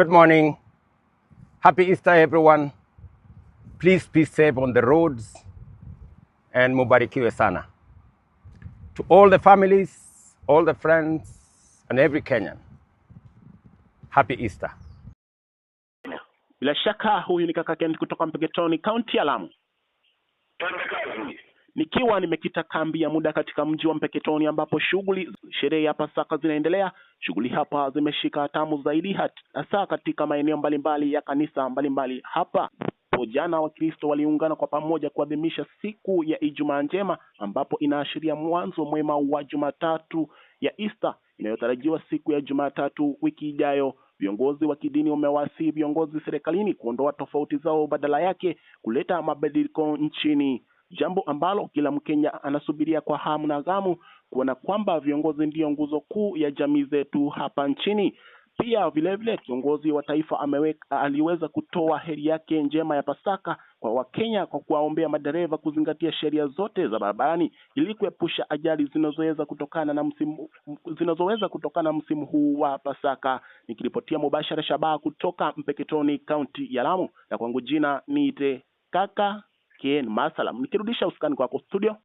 Good morning. Happy Easter, everyone. Please be safe on the roads and mubarikiwe sana. To all the families, all the friends, and every Kenyan, happy Easter. Bila shaka huyu ni kaka Kenneth kutoka Mpeketoni, kaunti kazi. Nikiwa nimekita kambi ya muda katika mji wa Mpeketoni ambapo shughuli sherehe ya Pasaka zinaendelea. Shughuli hapa zimeshika hatamu zaidi, hasa katika maeneo mbalimbali ya kanisa mbalimbali hapa Jana Wakristo waliungana kwa pamoja kuadhimisha siku ya Ijumaa njema ambapo inaashiria mwanzo mwema wa Jumatatu ya Easter inayotarajiwa siku ya Jumatatu wiki ijayo. Viongozi wa kidini wamewasihi viongozi serikalini kuondoa tofauti zao, badala yake kuleta mabadiliko nchini jambo ambalo kila Mkenya anasubiria kwa hamu na ghamu kuona kwamba viongozi ndiyo nguzo kuu ya jamii zetu hapa nchini. Pia vilevile kiongozi wa taifa ameweka, aliweza kutoa heri yake njema ya Pasaka kwa Wakenya kwa kuwaombea madereva kuzingatia sheria zote za barabarani ili kuepusha ajali zinazoweza kutokana na msimu zinazoweza kutokana na msimu huu wa Pasaka. Nikiripotia mubashara shabaha kutoka Mpeketoni, kaunti ya Lamu, na kwangu jina niite kaka KN Masalam. Nikirudisha usukani kwako studio,